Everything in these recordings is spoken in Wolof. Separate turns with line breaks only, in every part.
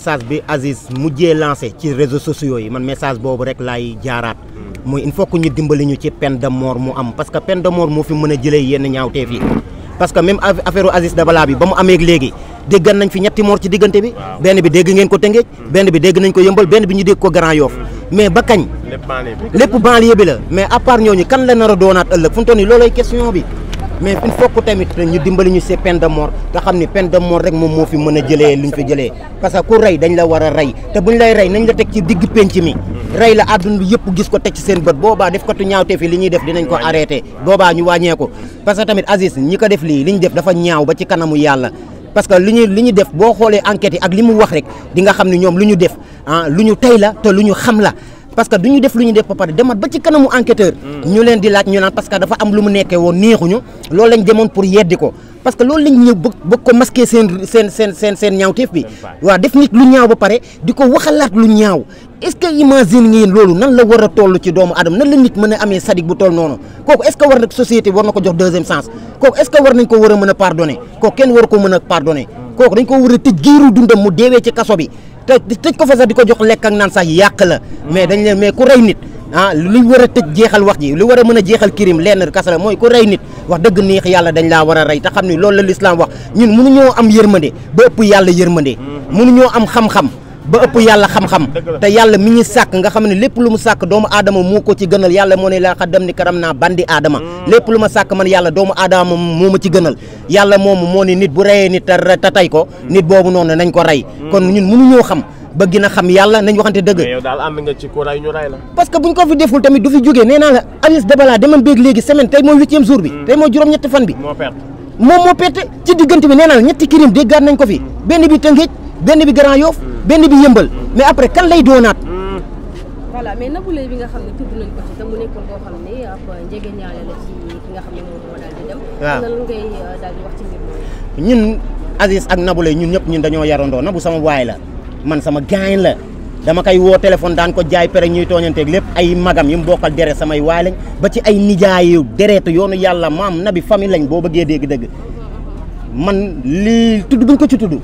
message bi Aziz mujjee lancé ci réseaux sociaux yi man message boobu rek laay jaaraat muy il faut ñu dimbali ñu ci peine de mort mu am parce que peine de mort moo fi mën a jëlee yenn ñaawteef yi parce que même affaire Aziz Dabala bi ba mu amee léegi déggan nañ fi ñetti mort ci diggante bi benn bi dégg ngeen ko Tëngéej hmm. benn bi dégg nañ ko Yëmbal benn bi ñu dégg ko Grand Yoff hmm. mais ba kañ lépp banlieue bi la mais à part ñooñu kan la nar doonaat ëllëg mais il faut que tamit ñu dimbali ñu si peine de mort te xam ni peine de mort rek moom moo fi mën a jëlee lu ñu fi jëlee parce que ku rey dañ la war a rey te buñ lay rey nañ la teg ci digg penc mi rey la àdduna bi yëpp gis ko teg ci seen bët boobaa def ko tu ñaawte fi li ñuy def dinañ ko arrêté boobaa ñu wàññee parce que tamit Aziz ñi ko def lii li ñu def dafa ñaaw ba ci kanamu yàlla parce que li ñu li ñu def boo xoolee enquête ak li mu wax rek di nga xam ne ñoom lu ñu def ah lu ñu tey la te lu ñu xam la parce que du ñu def lu ñu def ba pare demat ba ci kanamu enquêteur. Mm. ñu leen di laaj ñu naan parce que dafa am lu mu nekkee woon neexuñu loolu lañ demoon pour yeddi ko parce que loolu lañ ñëw bëgg bëgg ko masquer seen seen seen seen seen ñaawteef bi waaw def nit lu ñaaw ba pare di ko waxalaat lu ñaaw est imagine ngeen loolu nan la war a toll ci doomu adama nan la nit mën a amee sadik bu toll noonu kooku est war na société war na ko jox deuxième sens kooku est war nañ ko war a mën a pardonner kooku kenn war a pardonner kooku dañ ko war a tëj giiru dundam mu deewee ci kaso bi te tëj ko fa sax di ko jox lekk ak naan sax yàq la mais dañ leen li ah, luñ war a tëj jeexal wax ji lu war a mën a jeexal kirim leen kasa mooy ku rey nit wax dëgg neex yàlla dañ laa war a rey te xam ni loolu la lislaam wax ñun ñoo am yërmande ba ëpp yàlla yërmande hmm. ñoo am xam-xam ba ëpp yàlla xam-xam te yàlla mi ñu sàkk nga xam ne lépp lu mu sàkk doomu aadama moo ko ci gënal yàlla moo ne la xaddam ni karam naa bandi aadama hmm. lépp lu ma sàkk man yàlla doomu aadama moo ma ci gënal yàlla moom moo ne nit bu reyee nit te tey ko hmm. nit boobu noonu nañ ko rey ba gën a xam yàlla nañ waxante dëgg.
mais am nga ci ku ray ñu ray la.
parce que buñ ko fi deful tamit du fi jógee nee naa la Aziz Dabala demam béeg léegi semaine tey mooy huitième jour bi. Mm. tey mooy juróom-ñetti fan bi. moo moom moo perte ci diggante bi nee la ñetti crime déggaat nañ ko fi mm. benn bi Tëngéej benn bi Grand Yoff mm. benn bi Yëmbal mais après kan lay doonaat.
voilà mais Nabou Leye bi
euh, ñun Aziz ak Nabou Leye ñun ñëpp ñun dañoo yarandoo Nabou sama waay la man sama gaañ la dama koy woo téléphone daan ko jaay pere ñuy tooñanteeg lépp ay magam yu mu bokkal deret samay waay lañ ba ci ay nijaayu deretu yoonu yàlla maam nabi famille lañ boo bëggee dégg-dëgg man li tudd buñ ko ci tudd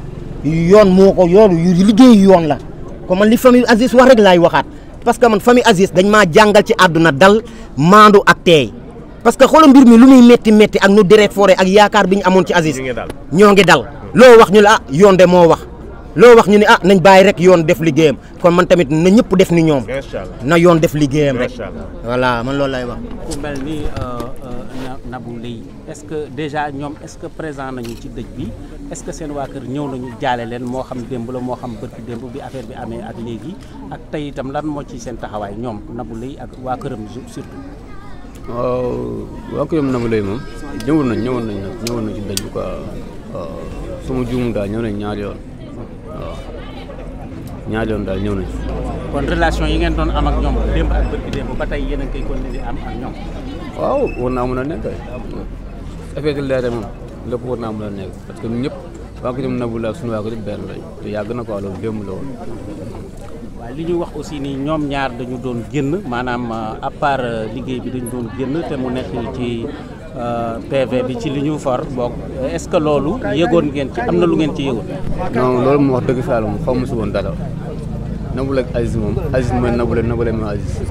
yoon moo ko yoonu liggéey yoon la ko man li famille Aziz wax rek laay waxaat parce que man famille Aziz dañ maa jàngal ci àdduna dal maandu ak teey parce que xoolal mbir mi lu muy métti métti ak nu deret foore ak yaakaar bi ñu amoon ci Aziz ñoo ngi dal loo wax ñu la ah, yoon de moo wax loo wax ñu ne ah nañ bàyyi rek yoon def liggéeyam kon man tamit na ñëpp def ni ñoom. na yoon def liggéeyam rek. voilà man loolu lay wax.
ku mel ni euh, euh, Nabou Leye est-ce que déjà ñoom est-ce que présent nañu ci dëj bi est-ce que seen waa kër ñëw nañu jaale leen moo xam démb la moo xam bërki démb bi affaire bi amee ak léegi ak tey lan moo ci seen taxawaay ñoom Nabou Leye ak waa këram surtout.
waaw waa këram Nabou Leye moom ñëwoon nañ ñëwoon nañ ñëwoon nañ ci dëj bi ko waaw su ma juum daal ñëw nañ ñaari yoon. waaw ñaari yoon daal ñëw nañu
kon relation yi ngeen doon am ak ñoom démb ak bërki démb ba tey yéen a ngi koy continuer di am ak ñoom
waaw war naa mën a nekk lépp war naa mën a nekk parce que ñun ñëpp waa ko ñoom Nabou la suñu waa ko ñëpp benn lañ
te yàgg na ko loolu démb la woon waaw li ñu wax aussi ni ñoom ñaar dañu doon génn maanaam à part euh, liggéey bi dañu doon génn te mu nekk ci Euh, PV bi ci li ñu far bokk est-ce que loolu yëgoon ngeen ci am na lu ngeen ci yëgoon. non loolu
moo wax dëgg fa yàlla moom xaw ma si woon dara Naboulaye ak Aziz moom Aziz mooy Naboulaye Naboulaye mooy Aziz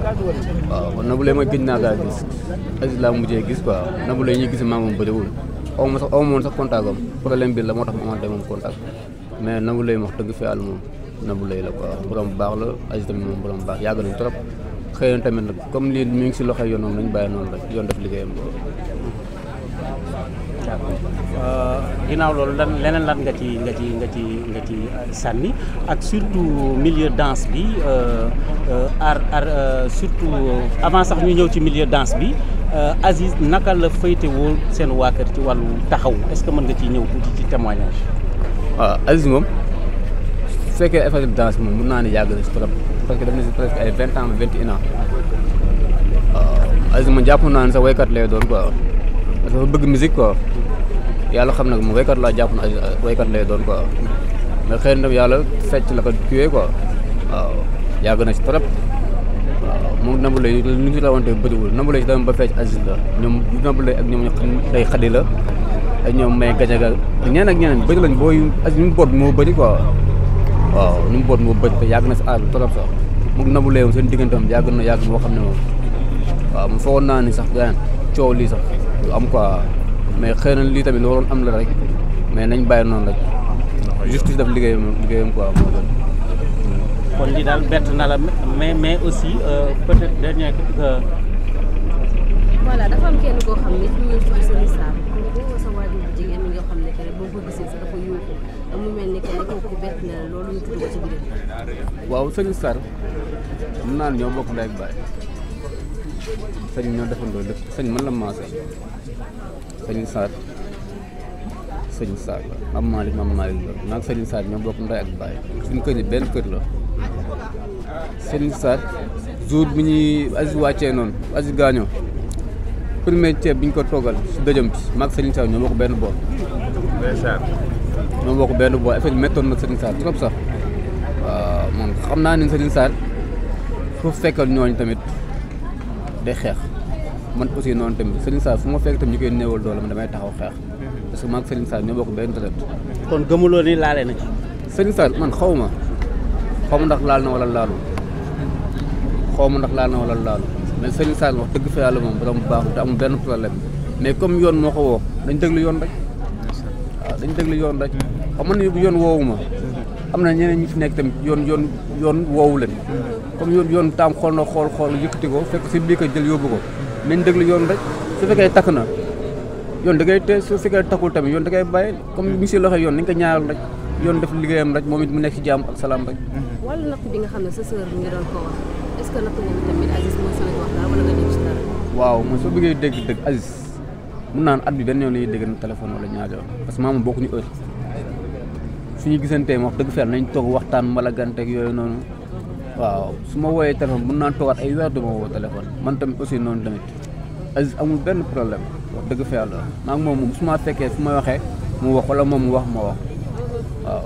waaw kon Naboulaye mooy gëj naa kaa gis Aziz laa mujjee gis quoi Naboulaye ñuy gis maa moom bëriwul xaw ma sax xaw ma woon sax contact am problème bi la moo tax ma amoon moom contact mais Naboulaye wax dëgg fa yàlla moom Naboulaye la quoi borom baax la Aziz tamit moom borom baax yàgg nañ trop. xëyoon tamit nag comme lii mi ngi si loxo yoon moom bàyyi noonu rek yoon def liggéeyam boobu.
d'accord euh, loolu lan leneen lan nga ci nga ci nga ci nga ci euh, sànni ak surtout milieu danse bi euh, ar ar surtout avant sax ñu ñëw ci milieu danse bi Aziz naka la faytewoo seen waa ci wàllu taxaw est-ce que mën nga ci ñëw tuuti ci témoignage. waaw
ah, Aziz moom su fekkee effet danse moom mun naa ne yàgg na si trop. parce que def na si presque ay vingt ans vingt et un ans waaw euh, Aziz man jàpp naa ne sax waykat lay doon quoi parce que dafa bëgg musique quoi yàlla xam nag mu waykat laa jàpp na Aziz waykat lay doon ko mais xëy na yàlla fecc la ko kiiwee quoi waaw yàgg na si trop waaw moom Nabou-Leye li ñu si rawante bëriwul Nabou-Leye si dama ba fecc Aziz la ñoom nabou ak ñoom day xadi la ak ñoom may gajaga ñeneen ak ba bëri lañ booy Aziz ñu boot moo bëri quoi waaw nu mu boot moo bëj ba yàgg na si aar bi trop sax moom nabu léegi seen digganteem yàgg na yàgg boo xam ne moom waaw mu foogoon naa ni sax gars coow lii sax am quoi mais xëy nañ lii tamit lu waroon am la rek mais nañ bàyyi noonu rek justice daf liggéeyam
liggéeyam quoi moo gën. kon lii daal bett na la mais mais aussi euh, peut-être dernier euh, voilà dafa am koo xam ne fi
waaw sëriñ Sarr mun
naan ñoo bokk ndey ak baay sëriñ ñoo defandoo lépp sëñ man la maase sëriñ Sarr sëriñ Sarr la am Malick maam Malick la naag sëriñ Sarr ñoo bokk ndey ak baay suñu kër yi benn kër la sëriñ Sarr jour bi ñuy Aziz wàccee noonu Aziz gaañoo premier ceeb bi ñu ko toggal si dëjëm bi maag sëriñ Sarr ñoo bokk benn boor ñoo bokk benn boor affaire bi méttoon na sëriñ Sarr trop sax moom xam naa ne Serigne Sarr foofu fekkal ñooñ tamit day xeex man aussi noonu tamit Serigne Sarr fu ma fekk tamit ñu koy néewal doole damay taxaw xeex parce que man ak Serigne Sarr ñoo bokk benn traite. kon gëmuloo ni laale na ci. Serigne man xaw ma xaw ndax laal na wala laalu xaw ma ndax laal na wala laalu mais Serigne Sarr wax dëgg fa yàlla moom borom bu baax te benn problème mais comme yoon moo ko woo dañ déglu yoon rek. waaw dañ déglu yoon rek xam nga ni yoon woowu am na ñeneen ñu fi nekk tamit yoon yoon yoon woowu leen comme yoon yoon taam xool na xool xool ti ko fekk si bii ko jël yóbbu ko nañ déglu yoon rek su fekkee takk na yoon da te su fekkee takkul tamit yoon da ngay bàyyi comme mi si loxo yoon nañ ko ñaaral rek yoon def liggéeyam rek moom it mu nekk si jàmm ak salaam rek hmm. wàllu natt bi nga xam ne sa sœur nga doon ko waaw mooy soo bëggee dégg dëgg Aziz mun naan at bi benn yoon lay dégg na téléphone wala ñaar yoon parce que maamu bokkuñu heure suñu gisantee wax dëgg fer nañ toog waxtaan mbala ganteeg yooyu noonu waaw su ma wooyee téléphone mën naa toogaat ay weer duma woo téléphone man tamit aussi noonu tamit Aziz amul benn problème wax dëgg fer la maa ngi moom moom su ma fekkee su ma waxee mu wax wala moom mu wax ma wax waaw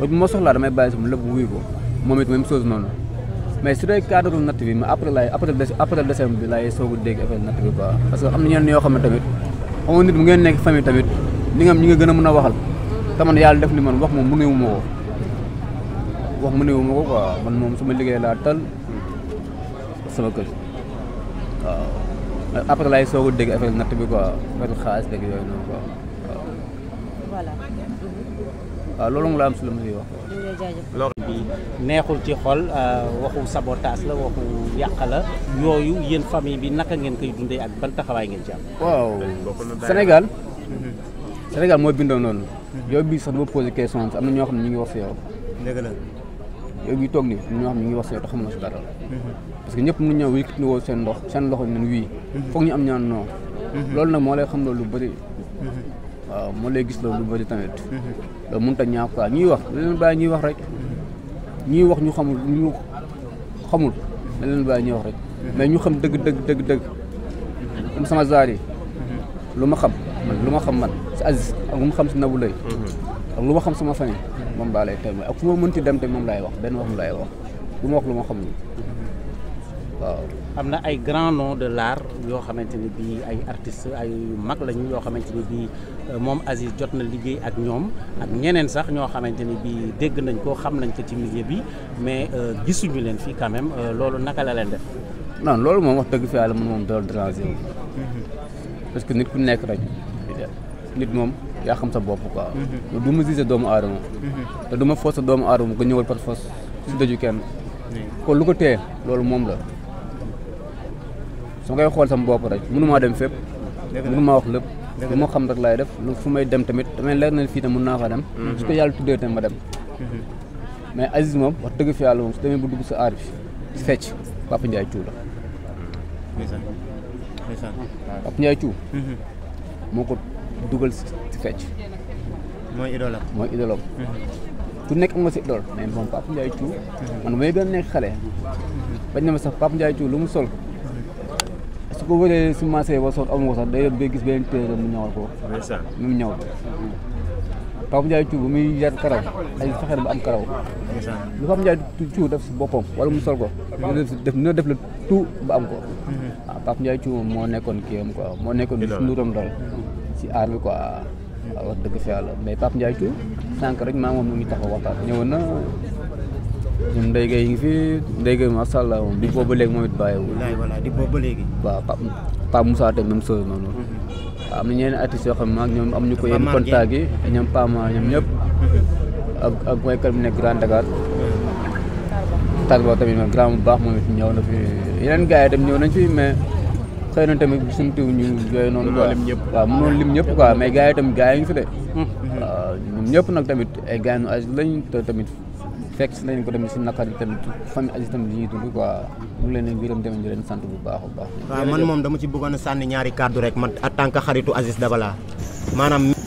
ba bu ma soxlaa damay bàyyi sama lépp wuyu ko moom it même chose noonu mais su dee cadre natt bi ma après laay après après décembre bi laay soog a dégg affaire natt bi quoi parce que am na ñenn yoo xam ne tamit xam nit mu ngeen nekk famille tamit ni nga ñi nga gën a mën a waxal taman yàlla def li man wax moom mënewu ma mu wax mënewu ma ko quoi man moom suma ma liggéey laa tal sama kër waaw après laay soog a dégg affaire natt bi quoi xaalis beeg yooyu
noonu quoi waaw. loolu nga la am si lu muy neexul ci xol euh, waxu sabotaas la waxu yàq la yooyu yéen famille bi naka ngeen koy dundee ak ban taxawaay ngeen ci am. waaw
Sénégal. Sénégal moo bindoo noonu. yow bii sax dama posé question am na ñoo xam ne ñu ngi wax si yow. dëgg toog nii am ñoo xam ni ñu ngi wax si yow te si dara. Mhm. parce que ñëpp mën ñëw yëkkati woo seen ndox seen loxo ñu ne ñu am ñaan non. Mhm. loolu nag moo lay xam loolu lu bëri. Mhm. waaw moo lay gis loolu lu bëri tamit. loolu mënut a ñaaw quoi ñuy wax dañ leen bàyyi ñuy wax rek. ñuy wax ñu xamul ñu xamul dañ leen bàyyi ñuy wax rek. mais ñu xam dëgg dëgg dëgg dëgg. comme sama zaar lu ma xam. lu ma xam man si Aziz ak lu ma xam si Nabou Leye mhm. ak lu ma xam sama famille moom laa lay témoin ak fu ma mënti dem te moom laay wax benn wax mu laay wax lu ma xam ni
waaw am na ay grand nom de laar yoo xamante ni bii ay artist ay mag lañu yoo xamante ni bii euh, moom Aziz jot na liggéey ak ñoom ak ñeneen sax ñoo xamante ni bii dégg nañ koo xam nañ ko ci milieu bi mais euh, gisuñu leen fii quand même euh, loolu naka la leen def
non loolu moom wax dëgg fi yàlla mën moom dool déranger mhm. parce que nit ku nekk rek nit moom yaa xam sa bopp quoi. du ma gisee doomu aadama. te du ma foos sa doomu aadama nga ñëwal par force si dëju kenn. kon lu ko téye loolu moom la. su ngay xool sama bopp rek mënumaa dem fépp. mënumaa wax lépp. lu ma xam rek laay def lu fu may dem tamit damay leer na fii tam mën naa fa dem. Mhm. yàlla tuddee tamit ma dem. mais Aziz moom wax dëgg fi yàlla moom su demee bu dugg sa aar bi si fecc Papa Ndiaye la.
Papa Ndiaye Thiou. Mhm.
moo ko dugal ci fecc.
mooy idole
mooy idole
mhm. ku nekk am nga sa idole mais moom Pape Ndiaye Thiou. Mhm. man may gën a nekk xale. Mhm. bañ na sax Pape Ndiaye Thiou lu mu sol. su ko wëree su ma see ba soot amu ko sax day ba gis benn téere mu ñawal ko. mu ñawal Pape Ndiaye Thiou bu muy yar karaw ay fexeer ba am karaw lu Pape Ndiaye Thiou def si boppam wala mu sol ko def dina def la tout ba am ko waaw mhm. ah, Pape Ndiaye Thiou moo nekkoon kii am quoi moo nekkoon sunuuram daal si aar bi quoi waaw ah, wax dëgg fi yàlla mais Pape Ndiaye Thiou sànq rek maa moom mu ngi taxaw waxtaan ñëwoon na ñun Ndeye Gueye yi ngi fi Ndeye Gueye moom di boobu ba léegi moom it bàyyiwul. walaay di boobu ba léegi. waaw Pape Pape Moussa tamit même chose noonu. Mhm. am na ñeneen artistes yoo xam ne am ñu ko yenn contact yi ñoom Pama ñoom ñëpp ak ak waykat bu nekk Grand Dakar Tarba tamit man grand bu baax moom it ñëw na fi yeneen gars yi tam ñëw nañ fi mais xëy na tamit suñu tiw ñu yooyu noonu quoi waaw mënoon lim ñëpp quoi mais gars yi tam gars yi ñu fi de waaw ñëpp nag tamit ay gars ñu âge lañ te tamit fekk si nañ ko tamit si naqar bi tamit famille Aziz tamit li ñuy dund quoi mu leen ne mbiram demee sant bu baax a baax. waaw man moom
dama ci bëggoon a sànni ñaari kàddu rek man en tant que xaritu Aziz Dabala maanaam.